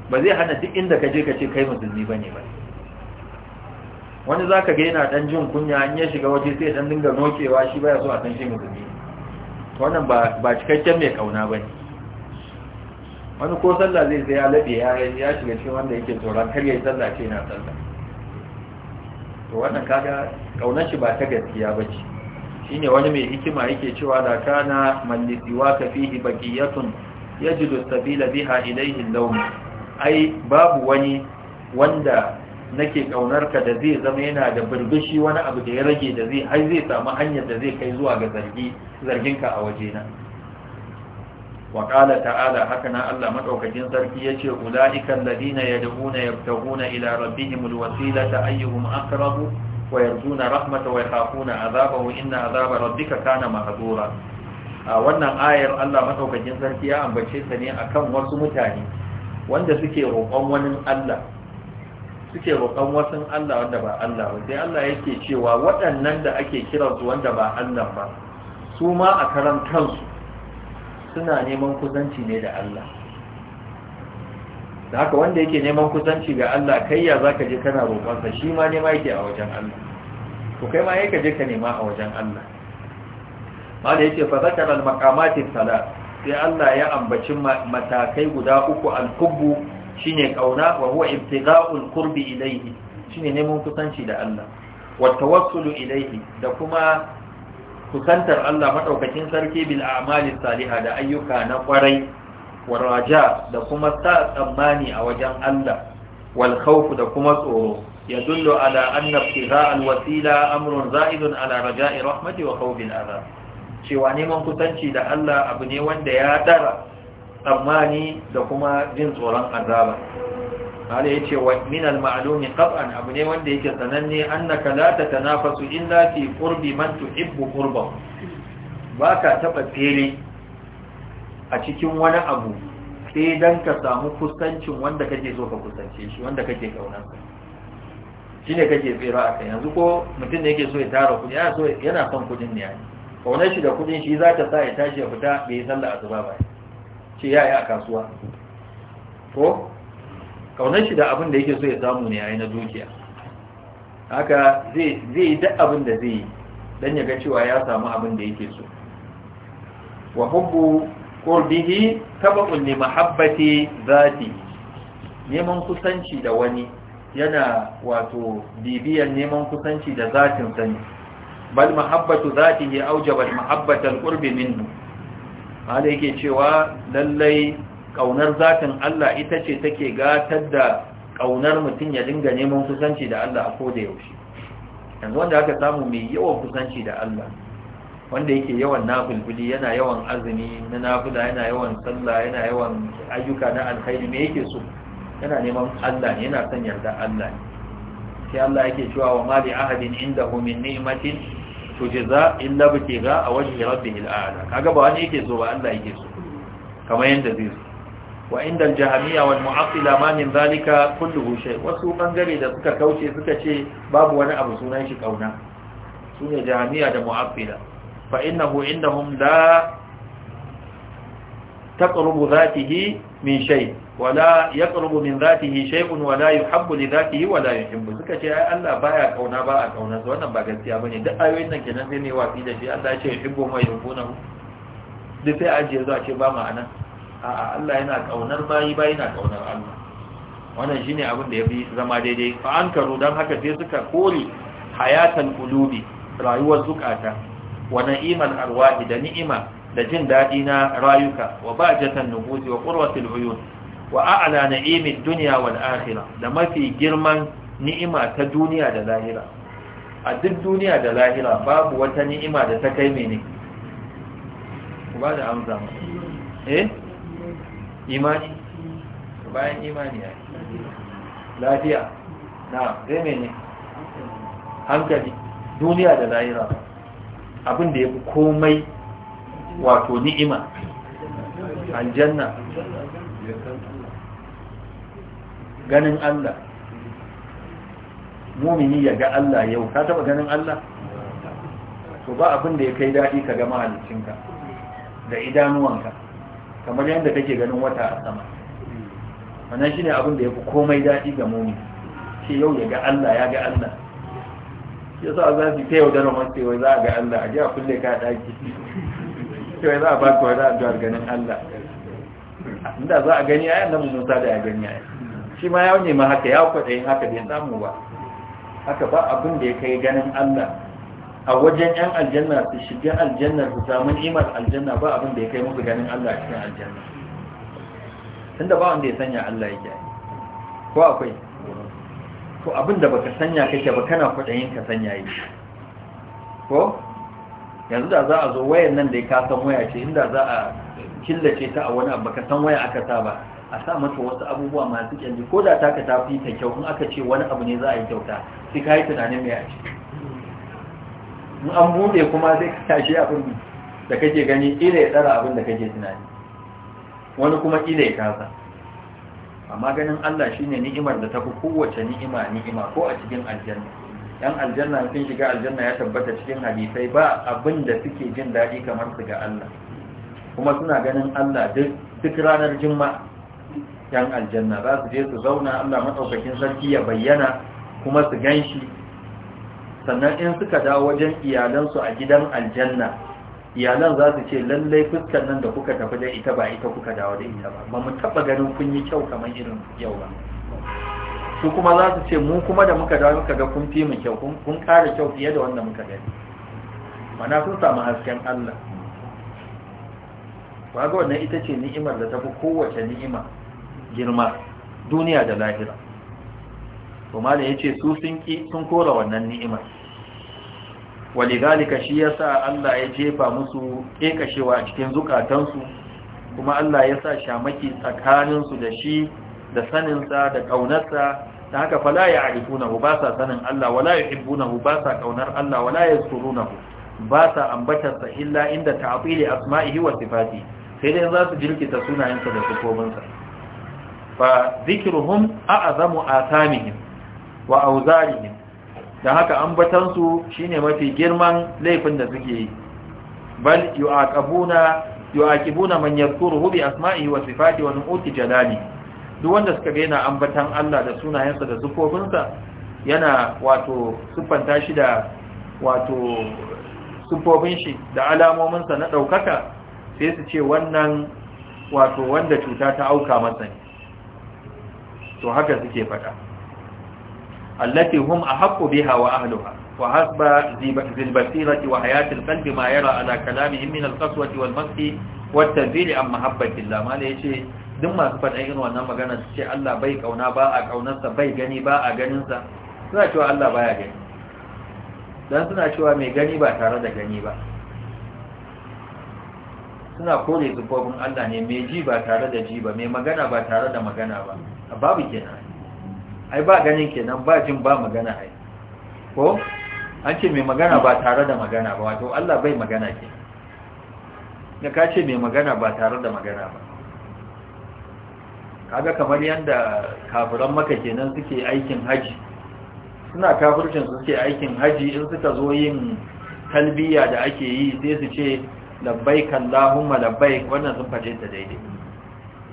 ba zai hana duk inda ka je ka ce kai musulmi bane ba wani zaka ga yana dan jin kunya an ya shiga waje sai dan dinga nokewa shi baya so a san shi musulmi wannan ba ba cikakken mai kauna bane wani ko sallah zai sai ya labe ya ya shiga cikin wanda yake tsoron kar yayi sallah ce yana sallah to wannan kaga kaunar shi ba ta gaskiya ba ce. shine wani mai hikima yake cewa da kana mallisiwa ka fihi bakiyatun yajidu sabila biha ilayhi al-lawm ai babu wani wanda nake kaunar ka da zai zama yana da burbushi wani abu da ya rage da zai har zai samu hanyar da zai kai zuwa ga zargi zargin ka a wajena wa qala ta'ala haka na Allah madaukakin sarki yace ulaiikal ladina yad'una yabtaguna ila rabbihim alwasilata ayyuhum aqrabu ويرجون رحمة ويخافون عذابه إن عذاب ربك كان محذورا wannan ayar Allah madaukakin sarki ya ambace ta ne akan wasu mutane wanda suke roƙon wani Allah suke roƙon wasu Allah wanda ba Allah ba sai Allah yake cewa waɗannan da ake kiransu wanda ba Allah ba su ma a karan kansu suna neman kuzanci ne da Allah da haka wanda yake neman kusanci ga Allah kai ya zaka je kana roƙonsa shi ma nema yake a wajen Allah to kai ma yake je ka nema a wajen Allah mala yace fasakar zakara al sai Allah ya ambaci matakai guda uku al kubbu shine kauna wa huwa kurbi qurbi ilayhi shine neman kusanci da Allah wa tawassulu ilayhi da kuma kusantar Allah madaukakin sarki bil a'malis salihah da ayyuka na kwarai waraja da kuma sa tsammani a wajen Allah wal da kuma tsoro yadullu ala anna ibtigha al wasila amrun za'idun ala raja'i rahmati wa khawf al cewa neman kusanci da Allah abu ne wanda ya dara tsammani da kuma jin tsoron azaba Allah yace wa min al ma'lumi qat'an abu ne wanda yake sananne annaka la tatanafasu illa fi qurbi man tuhibbu qurbahu baka taba fere a cikin wani abu sai dan ka samu kusancin wanda kake so ka kusance shi wanda kake kaunar sa ne kake tsira kai yanzu ko mutum ne yake so ya tara kudi yana so yana son kudin ne yayi kaunar shi da kudin shi za ta sa ya tashi ya fita bai yi sallah asuba ba ce yi a kasuwa ko kaunar shi da abin da yake so ya samu ne yayi na dukiya haka zai zai yi duk abin da zai yi dan ya ga cewa ya samu abin da yake so wa hubbu qurbihi tabu'un li mahabbati zati neman kusanci da wani yana wato bibiyan neman kusanci da zatin sani bal mahabbatu zatihi aujaba mahabbatal qurbi minhu hada yake cewa lallai kaunar zatin Allah ita ce take gatar da kaunar mutum ya dinga neman kusanci da Allah a koda yaushe yanzu wanda aka samu mai yawan kusanci da Allah wanda yake yawan nafilfili yana yawan azumi na nafila yana yawan sallah yana yawan ayyuka na alkhairi me yake so yana neman Allah ne yana son yarda Allah ne sai Allah yake cewa wa mali ahadin indahu min ni'matin tujza illa bitiga a wajhi rabbihil a'la kaga ba wani yake so ba Allah yake so kamar yanda zai so wa inda al-jahmiya wal mu'attila ma min zalika kulluhu shay wasu bangare da suka kauce suka ce babu wani abu sunan shi kauna sune jahmiya da mu'attila fa innahu indahum la taqrubu dhatihi min shay wala yaqrubu min dhatihi shay'un wala yuhibbu li dhatihi wala yuhibbu suka ce ai Allah baya kauna ba a kauna su wannan ba gaskiya bane duk ayoyin nan kenan sai ne wafi da shi Allah ya ce yuhibbu ma yuhibbunahu duk sai aje zuwa ce ba ma'ana a'a Allah yana kaunar bayi bayi yana kaunar Allah wannan shine abin da yafi zama daidai fa an dan haka sai suka kore hayatan qulubi rayuwar zukata wa na'imal arwahi da ni'ima da jin daɗi na rayuka wa bajatan nubuzi wa qurratul uyun wa a'la na'imid dunya wal akhirah da mafi girman ni'ima ta duniya da lahira a duk duniya da lahira babu wata ni'ima da ta kai mene ba da amsa eh imani bayan imani ya lafiya na zai mene hankali duniya da lahira ba abin da ya fi komai wato ni'ima aljanna ganin Allah mumini ya ga Allah yau ka taba ganin Allah to ba abin da ya kai daɗi ka ga ka da idanuwanka kamar yadda kake ganin wata a sama wannan shine abin da ya fi komai daɗi ga mumini shi yau ya ga Allah ya ga Allah ya sa za su tewa da mace wai za a ga Allah a ji a kulle ka ɗaki wai za a ba za a addu'ar ganin Allah inda za a gani ayan nan musa da ya gani ayan shi ma ya nema haka ya kwaɗa yin haka bai samu ba haka ba abin da ya kai ganin Allah a wajen yan aljanna su shiga aljanna su samu imar aljanna ba abin da ya kai musu ganin Allah a cikin aljanna tunda ba wanda ya sanya Allah yake ko akwai to abinda baka sanya kake ba kana kudin ka sanya yi ko yanzu da za a zo wayan nan da ya kasa waya ce inda za a killace ta a wani abu ka san waya aka sa ba a sa mata wasu abubuwa masu kyanji ko da taka ta fi ta kyau in aka ce wani abu ne za a yi kyauta sai ka yi tunanin mai a ce in an bude kuma sai ka tashi abin da kake gani ila ya tsara abin da kake tunani wani kuma ila ya kasa amma ganin Allah shine ni'imar da ta fi kowace ni'ima ni'ima ko a cikin aljanna yan aljanna sun shiga aljanna ya tabbata cikin hadisai ba abin da suke jin daɗi kamar su ga Allah kuma suna ganin Allah duk ranar juma'a yan aljanna za su je su zauna Allah maɗaukakin sarki ya bayyana kuma su gan shi sannan in suka dawo wajen iyalansu a gidan aljanna iyalan za su ce lallai fuskar nan da kuka tafi dai ita ba ita kuka dawo da ita ba ba mu taɓa ganin kun yi kyau kamar irin yau ba su kuma za su ce mu kuma da muka dawo muka ga kun fi mu kyau kun ƙara kyau fiye da wanda muka gani mana sun samu hasken Allah ba ga wannan ita ce ni'imar da tafi kowace ni'ima girma duniya da lahira to ya yace su sun ki sun kora wannan ni'imar walidhalika shi yasa Allah ya jefa musu kekashewa a cikin zukatansu kuma Allah ya sa shamaki tsakanin su da shi da saninsa da ƙaunarsa. ta haka fala hu, ba sa sanin Allah wala yuhibbunahu ba sa kaunar Allah wala yazkurunahu ba sa ambatar sa illa inda ta'tili asma'ihi wa sifati sai dai za su jirkita sunayensa da sa fa zikruhum a'zamu athamihim wa auzarihim da haka ambatansu shine mafi girman laifin da suke yi bal yu'aqabuna yu'aqibuna man yadhkuruhu bi asma'ihi wa sifatihi wa nu'ti jalali duk wanda suka gaina ambatan Allah da sunayensa da sifofinsa yana wato siffanta shi da wato sifofin shi da alamominsa na daukaka sai su ce wannan wato wanda cuta ta auka masa to haka suke faɗa التي هم أحق بها وأهلها وحسب ذي البصيرة وحياة القلب ما يرى على كلامهم من القسوة والمسك والتنزيل عن محبة الله ما ليش duk masu faɗa irin wannan magana su ce Allah bai kauna ba a kaunarsa bai gani ba a ganinsa suna cewa Allah baya gani don suna cewa mai gani ba tare da gani ba suna kore zubobin Allah ne mai ji ba tare da ji ba mai magana ba tare da magana ba babu kenan ai ba ganin kenan ba jin ba magana ai ko an ce mai magana ba tare da magana ba wato Allah bai magana ke da ka ce mai magana ba tare da magana ba kaga kamar yadda kafiran maka kenan suke aikin haji suna kafircin suke aikin haji in suka zo yin talbiya da ake yi sai su ce labbaik Allahumma labbaik wannan sun fashe ta daidai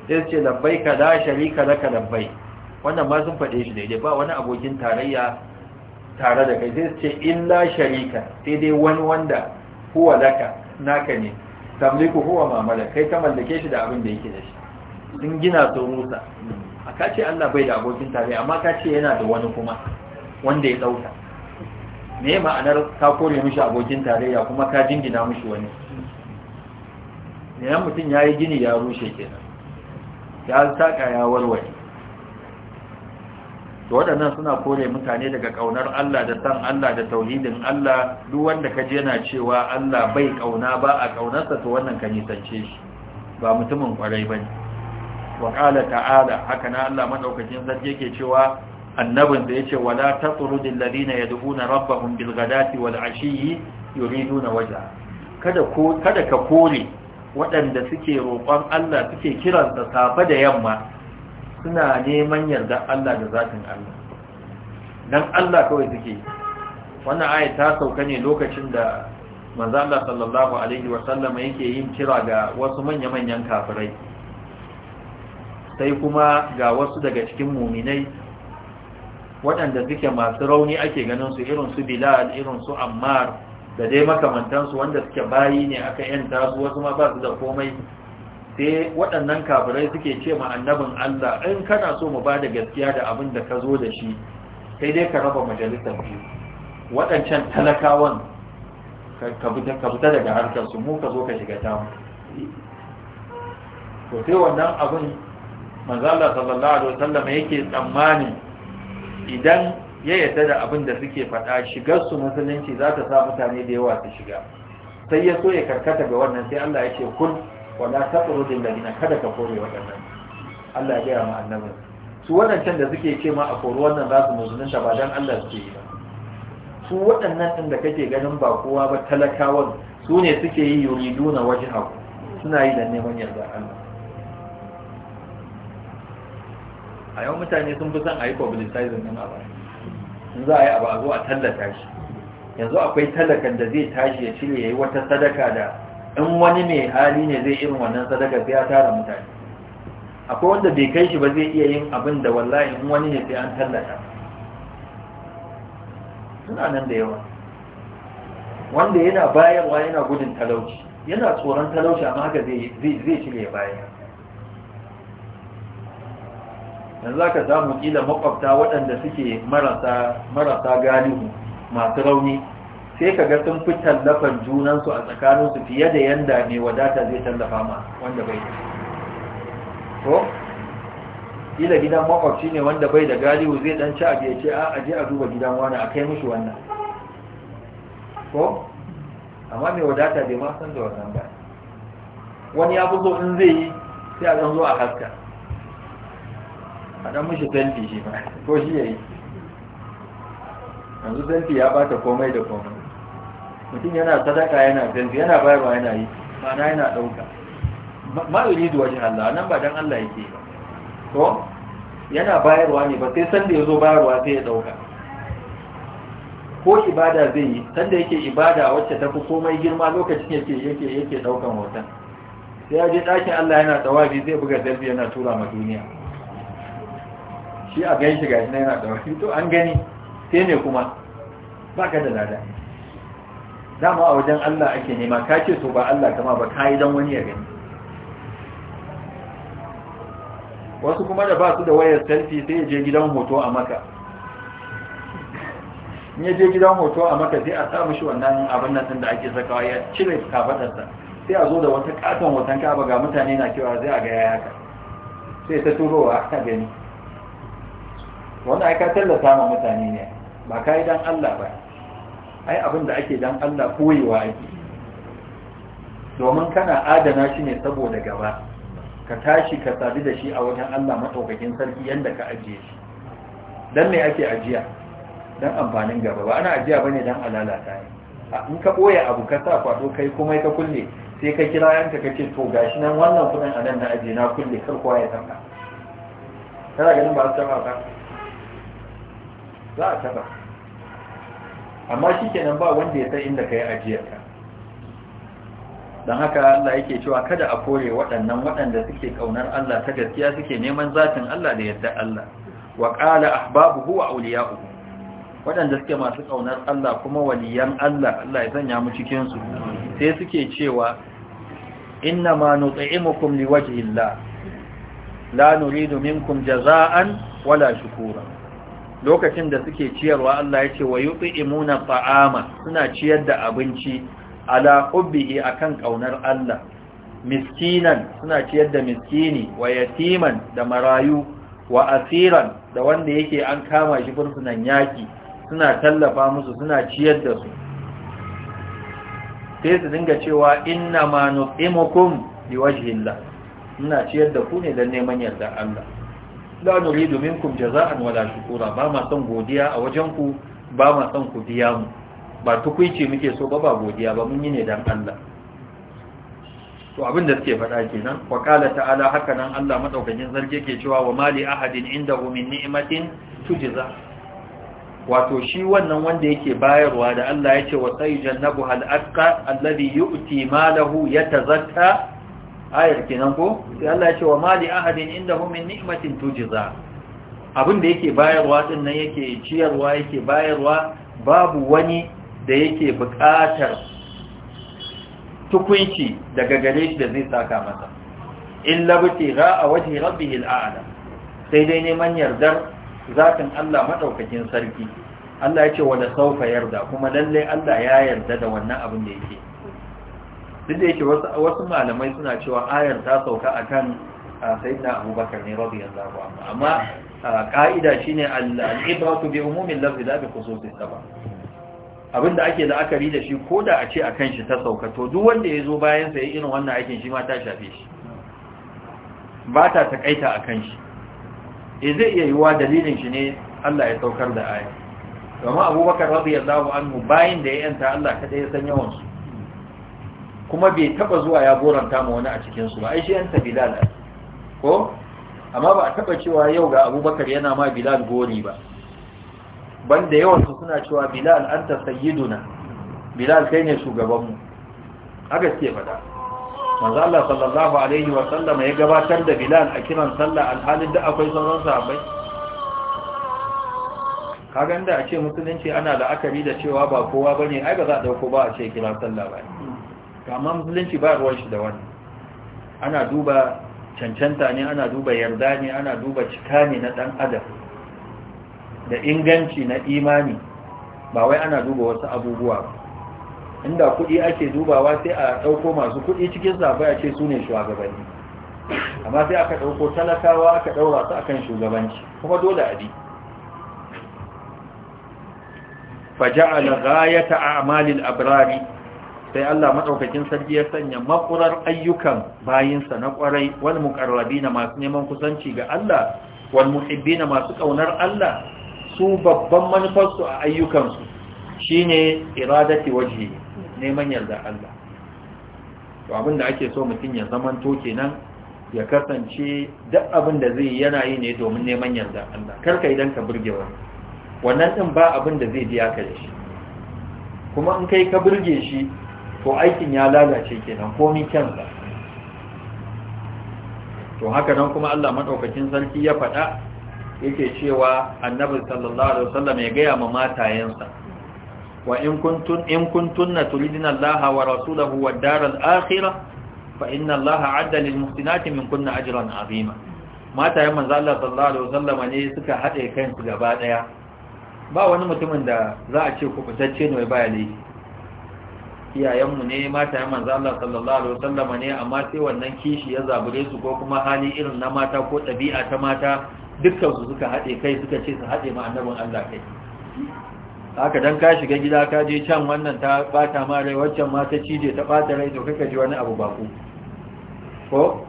sai su ce labbaik la sharika laka labbaik wannan ma sun faɗe shi daidai ba wani abokin tarayya tare da kai sai ce illa sharika sai dai wani wanda huwa laka naka ne tamliku huwa mamala kai ta mallake shi da abin da yake da shi sun gina so musa a ka ce Allah bai da abokin tarayya amma ka ce yana da wani kuma wanda ya dauka me ma'anar ka kore mishi abokin tarayya kuma ka jingina mishi wani ne mutum ya yi gini ya rushe kenan ya saka ya warware Da waɗannan suna kore mutane daga ƙaunar Allah da san Allah da tauhidin Allah duk wanda kaji yana cewa Allah bai ƙauna ba a ƙaunarsa to wannan ka nisance shi ba mutumin ƙwarai ba ne wa ƙala ta'ala haka na Allah maɗaukacin sarki yake cewa annabin da ce wala dillali ladina yad'una na bil bilgadati wal ashiyi yuriduna wajha kada ko kada ka kore waɗanda suke roƙon Allah suke kiransa safe da yamma suna neman yarda Allah da zatin Allah dan Allah kawai suke wannan ayat ta sauka ne lokacin da manzo Allah sallallahu alaihi wa sallama yake yin kira ga wasu manya-manyan kafirai sai kuma ga wasu daga cikin muminai waɗanda suke masu rauni ake ganin su irin su Bilal irin su Ammar da dai makamantansu wanda suke bayi ne aka yanta su wasu ma ba su da komai sai waɗannan kafirai suke ce ma annabin Allah in kana so mu bada gaskiya da abin da ka zo da shi sai dai ka raba majalisar biyu waɗancan talakawan ka fita daga harkar su mu ka zo ka shiga tamu to sai wannan abin manzala sallallahu alaihi wasallam yake tsammani idan ya yarda da abin da suke faɗa shigar su musulunci za ta sa mutane da yawa su shiga sai ya so ya karkata ga wannan sai Allah ya ce kun wala taqrudul ladina kada ka kore waɗannan Allah ya gaya ma annabi su waɗancan da suke ce ma a kore wannan za su ta ba dan Allah suke yi ba su waɗannan din da kake ganin ba kowa ba talakawan su ne suke yi yuriduna wajhahu suna yi dan neman yarda Allah a yau mutane sun fi son a yi publicizing din abu in za a yi abu a zo a tallata shi yanzu akwai talakan da zai tashi ya cire ya yi wata sadaka da in wani mai hali ne zai irin wannan sadaka sai ya tara mutane akwai wanda bai kai shi ba zai iya yin abin da wallahi in wani ne sai an tallata suna nan da yawa wanda yana bayarwa yana gudun talauci yana tsoron talauci amma haka zai cire ya bayar yanzu za samu kila makwabta waɗanda suke marasa galihu masu rauni sai ka ga sun fi tallafan junansu a tsakaninsu fiye da yanda mai wadata zai tallafa ma wanda bai da ko ila gidan makwabci ne wanda bai da galihu zai dan ci abu ya ce a aje a duba gidan wani a kai mishi wannan ko amma mai wadata bai ma san da wannan ba wani ya fi so in zai yi sai a zan zo a haska a dan mishi fenti shi ba ko shi ya yi yanzu fenti ya bata komai da komai mutum yana sadaka yana zanzu yana bayarwa yana yi mana yana ɗauka ma yuridu wajen Allah nan ba don Allah yake ba to yana bayarwa ne ba sai sanda ya zo bayarwa sai ya ɗauka ko ibada zai yi sanda yake ibada wacce ta fi komai girma lokacin yake yake yake ɗaukan wata sai ya je ɗakin Allah yana tsawabi zai buga zalbi yana tura ma duniya shi a gan shi gashi na yana tsawabi to an gani sai ne kuma ba ka da lada dama a wajen Allah ake nema ka ce to ba Allah kama ba ka yi don wani ya gani wasu kuma da ba su da wayar selfie sai ya je gidan hoto a maka in ya je gidan hoto a maka sai a samu shi wannan abin nan da ake sakawa ya cire kafadarsa sai a zo da wata katon watan kaba ga mutane na kewa zai a ga ya haka sai ta turowa aka gani wannan aika tallata ma mutane ne ba ka yi don Allah ba ai abin da ake dan Allah koyewa ake domin kana adana shi ne saboda gaba ka tashi ka sadu da shi a wajen Allah matsaukakin sarki yadda ka ajiye shi don me ake ajiya don amfanin gaba ba ana ajiya bane don alalata ne in ka koya abu ka sa kwato kai kuma ka kulle sai ka kira yanka ka ce to gashi nan wannan kudin a nan na ajiye na kulle kar kowa ya tanka kana ganin ba su taba ba za a taba amma shi kenan ba wanda ya san inda ka yi ajiyarka don haka Allah yake cewa kada a kore waɗannan waɗanda suke ƙaunar Allah ta gaskiya suke neman zafin Allah da yadda Allah wa ƙala huwa, wa auliya'uhu waɗanda suke masu ƙaunar Allah kuma waliyan Allah Allah ya sanya mu cikin su sai suke cewa inna ma nut'imukum liwajhi Allah la nuridu minkum jaza'an wala shukura lokacin da suke ciyarwa Allah ya ce wa yut'imuna ta'ama suna ciyar da abinci ala hubbihi akan ƙaunar Allah miskinan suna ciyar da miskini wa yatiman da marayu wa asiran da wanda yake an kama shi fursunan yaki suna tallafa musu suna ciyar da su sai su dinga cewa inna ma nuqimukum liwajhillah suna ciyar da ku ne don neman yarda Allah la nuridu minkum jaza'an wala shukura ba ma san godiya a wajen ku ba ma san ku biya mu ba tukuici muke so ba ba godiya ba mun yi ne dan Allah to abin da suke faɗa kenan wa qala ta'ala haka nan Allah madaukakin zarge ke cewa wa mali ahadin indahu min ni'matin tujza wato shi wannan wanda yake bayarwa da Allah ya ce wa sayyidannahu hal aqqa alladhi yu'ti malahu yatazakka ayar kenan ko sai Allah ya ce wa mali ahadin indahu min ni'matin tujza abin da yake bayarwa din nan yake ciyarwa yake bayarwa babu wani da yake buƙatar tukunci daga gare shi da zai saka masa in ra a wajhi rabbihil a'la sai dai neman yardar zatin Allah madaukakin sarki Allah ya ce wa da saufa yarda kuma lalle Allah ya yarda da wannan abin da yake duk da yake wasu malamai suna cewa ayar ta sauka akan sayyidina abubakar ne radiyallahu anhu amma ka'ida shine al-ibratu bi umumin lafzi la bi khususi sabab abinda ake la'akari da shi ko da a ce akan shi ta sauka to duk wanda ya zo bayan sa irin wannan aikin shi ma ta shafe shi ba ta takaita akan shi e zai iya yiwuwa dalilin shi ne Allah ya saukar da aya domin abubakar radiyallahu anhu bayan da ya yanta Allah kada ya san yawan kuma bai taba zuwa ya goranta ma wani a cikin su ba ai shi ta bilal ko amma ba a taba cewa yau ga abubakar yana ma bilal gori ba banda yawan su suna cewa bilal anta sayyiduna bilal kai ne shugabanmu a gaske da manzo Allah sallallahu alaihi wa sallama ya gabatar da bilal a kiran sallah alhalin da akwai sauran sahabbai kagan da a ce musulunci ana la'akari da cewa ba kowa bane ai ba za a dauko ba a ce kiran sallah ba to amma musulunci ba ruwan shi da wani ana duba cancanta ne ana duba yarda ne ana duba cika ne na dan adam da inganci na imani ba wai ana duba wasu abubuwa ba inda kuɗi ake dubawa sai a ɗauko masu kuɗi cikin zaɓe a ce su ne shugabanni amma sai aka ɗauko talakawa aka ɗaura su akan shugabanci kuma dole a bi faja'ala ghayata a'malil abrari sai Allah madaukakin sarki ya sanya makurar ayyukan bayinsa na kwarai wal muqarrabina masu neman kusanci ga Allah wal muhibbina masu kaunar Allah su babban manufarsu a ayyukansu shine iradati wajhi neman yarda Allah to abinda ake so mutum ya zaman zamanto kenan ya kasance duk abin da zai yana yi ne domin neman yarda Allah karka idan ka burge wani wannan din ba abin da zai biya ka da shi kuma in kai ka burge shi to aikin ya lalace kenan komi kyansa to haka nan kuma Allah madaukakin sarki ya faɗa yake cewa annabi sallallahu alaihi wasallam ya gaya ma matayensa wa in kuntun in kuntunna turidina Allah wa rasulahu wad daral akhirah fa inna Allah adda lil muhsinati min kunna ajran azima matayen manzo Allah sallallahu alaihi wasallam ne suka hade kansu gaba daya ba wani mutumin da za a ce kubutacce ne bai baya iyayenmu ne mata ya manzo Allah sallallahu alaihi wasallama ne amma sai wannan kishi ya zabure su ko kuma hali irin na mata ko ɗabi'a ta mata dukkan su suka haɗe kai suka ce su haɗe ma annabin Allah kai haka dan ka shiga gida ka je can wannan ta bata ma rai waccan ma ta cije ta bata rai to kake ji wani abu ba ku ko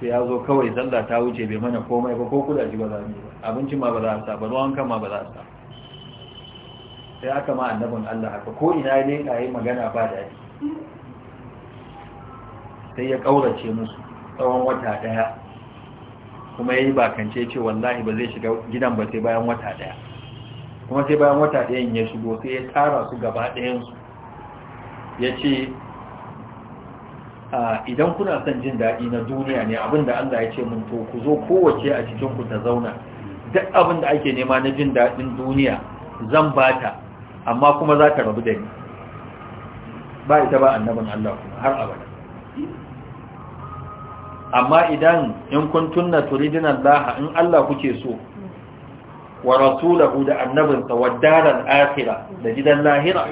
sai ya zo kawai zalla ta wuce bai mana komai ba ko kula ji ba za mu abinci ma ba za a sa ba ruwan kan ma ba za a sa sai aka ma annabin Allah haka ko ina ne ka yi magana ba daɗi sai ya ƙaurace musu tsawon wata ɗaya kuma ya yi bakance ce wallahi ba zai shiga gidan ba sai bayan wata ɗaya kuma sai bayan wata ɗayan ya shigo sai ya tara su gaba ɗayansu ya ce idan kuna son jin daɗi na duniya ne abinda Allah ya ce mun to ku zo kowace a cikinku ta zauna duk da ake nema na jin daɗin duniya zan bata amma kuma za ka rabu da ni ba ita ba annabin Allah kuma har abada amma idan in kuntunna turidina Allah in Allah kuke so wa rasulahu da annabinsa wa daral akhirah da gidan lahira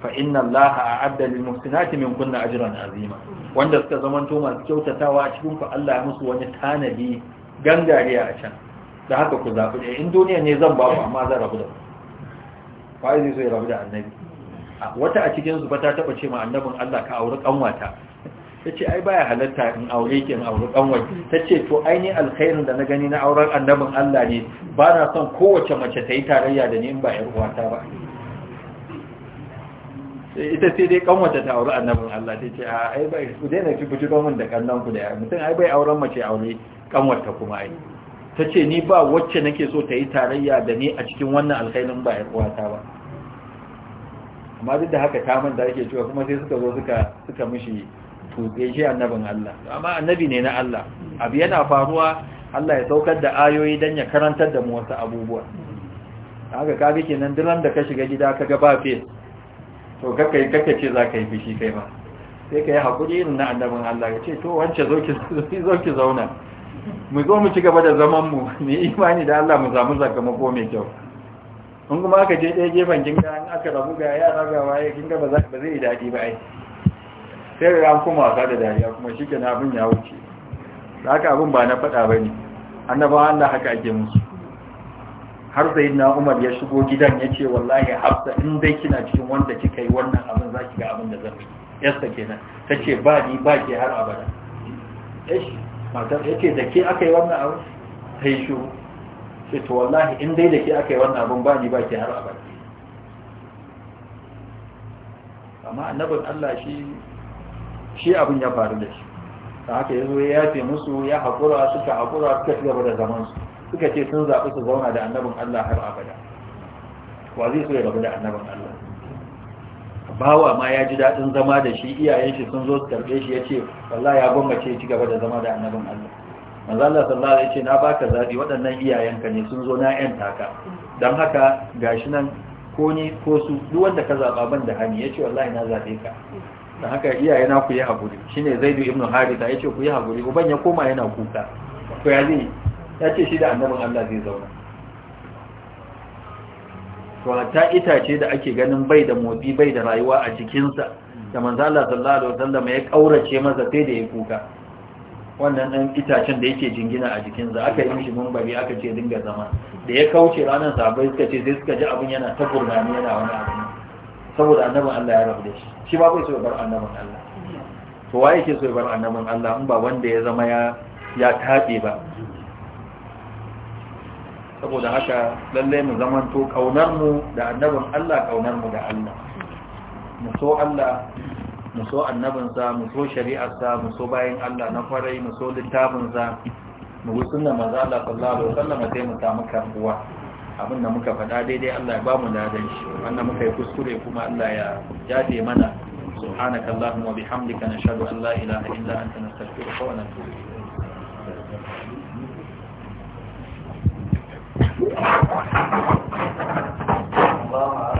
fa inna Allah a'adda lil muhsinati minkunna ajran azima wanda suka zamanto masu kyautatawa a cikin ku Allah ya musu wani tanadi gangariya a can da haka ku zabi in duniya ne zan ba ku amma zan rabu da ku ba zai so ya rabu da annabi wata a cikin su ba ta taba ce ma annabin Allah ka auri kanwata tace ai baya halatta in aure ki in auri kanwai tace to ai ni alkhairin da na gani na auren annabin Allah ne ba na son kowace mace ta yi tarayya da ni in ba yar uwata ba ita sai dai kanwata ta auri annabin Allah tace a ai bai ku daina ki buji kanwan da kannan ku da mutum ai bai auren mace aure kanwata kuma ai ta ce ni ba wacce nake so ta yi tarayya da ni a cikin wannan alkhairin ba uwata ba amma duk da haka ta manta ake cewa kuma sai suka zo suka mishi tuɓe shi annabin Allah amma annabi ne na Allah abu yana faruwa Allah ya saukar da ayoyi don ya karantar da mu wasu abubuwa haka ka bi kenan duran da ka shiga gida ka ga ba fe to kaka yi kaka ce za ka yi fishi kai ma sai ka yi haƙuri irin na annabin Allah ya ce to wance zo ki zauna mu zo mu ci gaba da zaman mu mai imani da Allah mu samu sakamako mai kyau in kuma aka je ɗaya gefen kinga an aka rabu ga yara ga waye ga ba zai yi daɗi ba ai sai an kuma wasa da dariya kuma shi ke abin ya wuce da haka abin ba na faɗa ba ne annabawa Allah haka ake musu har sai na umar ya shigo gidan ya ce wallahi hafsa in dai kina cikin wanda kika yi wannan abin za ki ga abin da zan yi yasta kenan ta ce ba ni ba ke har abada matar ya ce da ke aka yi wannan abin haishu sai to wallahi in dai da ke aka yi wannan abun ba ni ba ke har abaki amma annabin Allah shi shi abin ya faru da shi da haka ya zo ya fi musu ya haƙura suka haƙura suka fi gaba da zamansu suka ce sun zaɓi su zauna da annabin Allah har abada wa zai so ya rabu da annabin Allah bawa ma ya ji daɗin zama da shi iyayen shi sun zo su karɓe shi ya ce wallah ya gwammace ci gaba da zama da annabin Allah manzo Allah sallallahu alaihi na baka zabi waɗannan iyayenka ne sun zo na yan taka dan haka gashi nan ko ni ko su duk wanda ka zaba ban da hani yace wallahi na zabe ka dan haka iyayena ku yi hakuri shine Zaid ibn Haritha yace ku yi hakuri uban ya koma yana kuka to ya ce yace shi da annabin Allah zai zauna to hatta itace da ake ganin bai da motsi bai da rayuwa a jikinsa da manzala sallallahu alaihi wasallam ya kaurace masa sai da ya kuka wannan 'dan itacen da yake jingina a jikinsa aka yi mishi mumbari aka ce dinga zama da ya kauce ranar sabai suka ce sai suka ji abin yana ta gurnani yana wani abu saboda annabin Allah ya rabu da shi shi ba bai so ya bar annabin Allah to waye ke so ya bar annabin Allah in ba wanda ya zama ya ya tabe ba saboda haka lallai mu zamanto mu da annabin Allah kaunarmu da Allah mu so Allah mu so annabinsa mu so shari'arsa mu so bayan Allah na kwarai mu so littafinsa mu bi sunna manzo Allah sallallahu alaihi wasallam sai mu samu karbuwa abin da muka faɗa daidai Allah ya ba mu ladan shi wannan muka yi kuskure kuma Allah ya jaje mana subhanakallahumma wa bihamdika nashhadu an la ilaha illa anta nastaghfiruka wa natubu اللهم